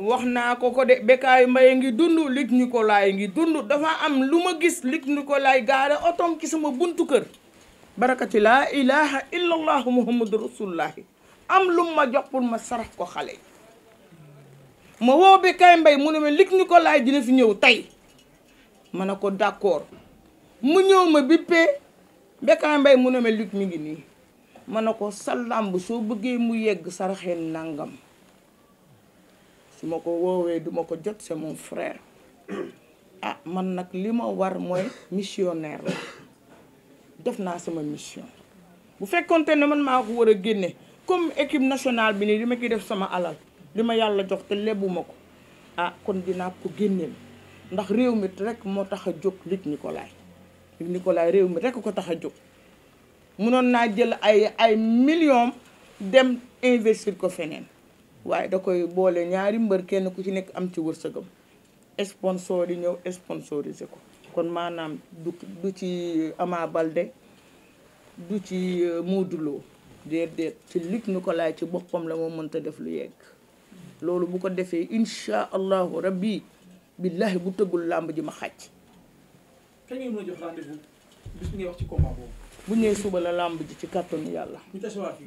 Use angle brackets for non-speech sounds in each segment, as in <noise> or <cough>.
wax naa ko ko de Bécaye Mbaye ngi dund Luc Nicolaï ngi dund dafa am lu ma gis Luc Nicolaï gaare otom ci sama buntu kër barakati laa ilaha illa muhammadu rasulullahi am lu ma jox pour ma sarax ko xale ma woo Bécaye Mbaye mu ne ma Luc Nicolaï dina fi ñëw tey ma ne ko d'accord mu ñëw ma bippee Bécaye Mbaye mu ne ma Luc mi ngi nii ma ne ko sa làmb soo bëggee mu yegg saraxee nangam su ma ko woowee duma ko jot c'est mon frère <coughs> ah man nag li ma war mooy missionnaire la def naa sama mission bu fekkonte ne man maa ko war a génne comme équipe nationale bi nii li ma ki def sama alal li ma yàlla jox te lebbuma ko ah kon dinaa ko génneel ndax réew mi rek moo tax a jóg Luc Nicolaï Luc Nicolaï réew mi rek ko tax a jóg munoon naa jël ay ay millions dem investir ko feneen waaye da koy boole ñaari mbër kenn ku ci nekk am ci wërsëgam sponsor yi ñëw sponsorisé ko kon maanaam du du ci euh, Ama Baldé du ci euh, Modou Lo déedéet ci Luc Nicolaï ci boppam la moo mënta def lu yegg loolu bu ko defee insha allahu rabbi billahi bu tëggul làmb ji ma xàcc. kañ ngeen a jox rendez-vous bis bi ngay wax ci combat boobu. bu ñëwee suba la làmb ji ci kàttanu yàlla.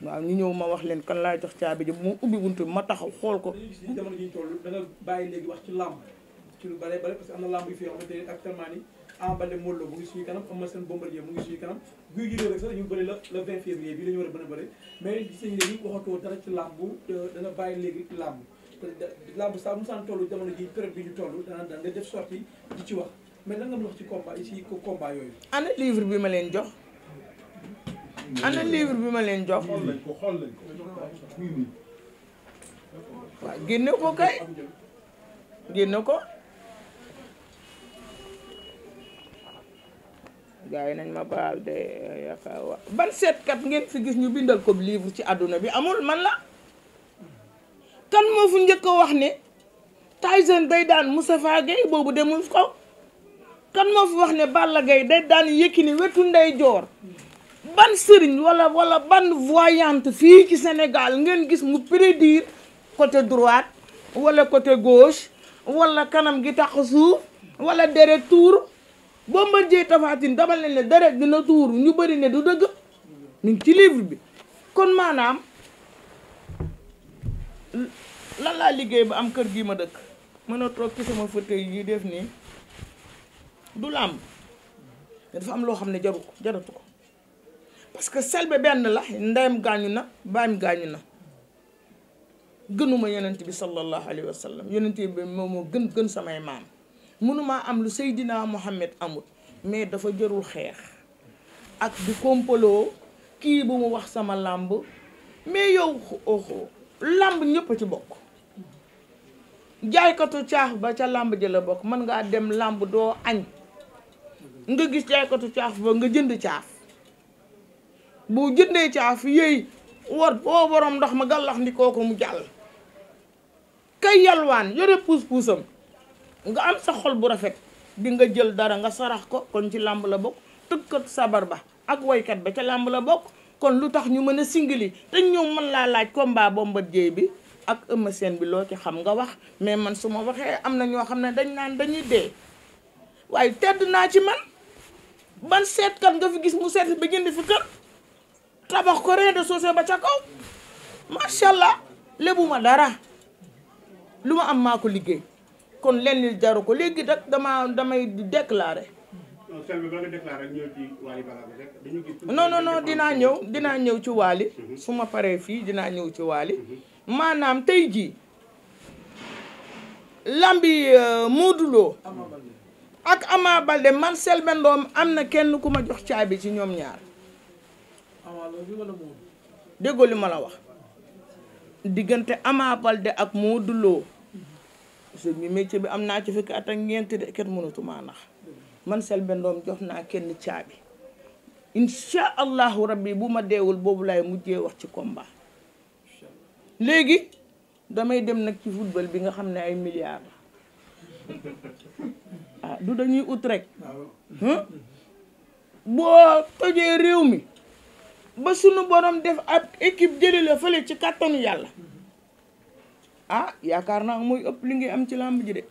waaw ñu ñëw ma wax leen kan laay jox caabi ji mu ubbi buntu ma taxaw xool ko. jamono ji ñu lu bare bare parce que am na làmb yu fi yoo xamante ne na seen Bombardier mu a bën a bëri mais gis nañu léegi ci làmb euh, da ci wax mais yooyu. ana livre bi ma leen jox ana livre bi ma leen jox waaw génne ko kay génne ko gars yi nañ ma baal de yaakaar wa ban seetkat ngeen si gis ñu bindal ko livre ci àdduna bi amul man la kan moo fu njëkk wax ne Tyson day daan Moustapha Gueye boobu demul ko kan moo fi wax ne Balla Gaye day daan Yékini wetu ndey joor ban sëriñ wala wala ban voyante fii ci Sénégal ngeen gis mu prédire côté droite wala côté gauche walla kanam gi tax suuf wala deret tuur boo ma jee tafaatin dama leen ne deret dina tuur ñu bari ne du dëgg ñu bi kon maanaam lan laa liggéey ba am kër gi ma dëkk mën a toog ci sama fauteuil yi def nii du làmb dafa am loo xam ne jaru ko jaratu ko parce que selbe benn la ndeyam gaañu na baayam gaañu na gënuma yonent bi sallallahu alayhi wa sallam yonent bi moom moo gën gën samay maam mënumaa am lu Seydina Muhammad amut mais dafa jërul xeex ak du kompaloo kii bu mu wax sama làmb mais yow làmb ñëpp a ci bokk jaaykatu caaf ba ca làmb ji bokk mën ngaa dem làmb doo añ nga gis jaaykatu caaf ba nga jënd caaf bu jëndee caaf yëy war boo borom ndox ma gàllax ko mu jàll kay yalwaan yore puus-puusam nga am sa xol bu rafet di nga jël dara nga sarax ko kon ci làmb la bokk tëkkat sabar ba ak woykat ba ca làmb la bokk kon lu tax ñu mën a singili te ñoom mën laa laaj combat Bombardier bi ak Eumeu Sène bi loo ci xam nga wax mais man su ma waxee am na ñoo xam ne dañ naan dañuy dee waaye tedd naa ci man ban seetkat nga fi gis mu seet ba jënd fi kër tabax ko rende sociaux ba ca kaw macha allah lebuma dara lu ma am maa ko liggéey kon lenn jaru ko léegi nag dama damay déclarer. non non non dinaa ñëw dinaa ñëw ci waali mhm. su ma paree fii dinaa ñëw ci waali mhm. maanaam tey jii làmbi euh, Modou Lo ak Ama Baldé man selbendoom Ndom am na kenn ku ma jox caabi ci ñoom ñaar déggoo li ma la wax diggante Ama Baldé ak Modou Lo sëñ bi métier bi am naa ci fekk at ak de kenn mënatuma nax man Selbé Ndom jox naa kenn caabi incha rabbi bu ma deewul boobu laay mujjee wax ci combat léegi damay dem nag ci football bi nga xam ne ay milliards ah du dañuy ut rek ah boo tojee réew mi ba sunu borom def ab équipe jëli la fële ci kàttanu yàlla ah yaakaar naa mooy ëpp li ngay am ci làmb ji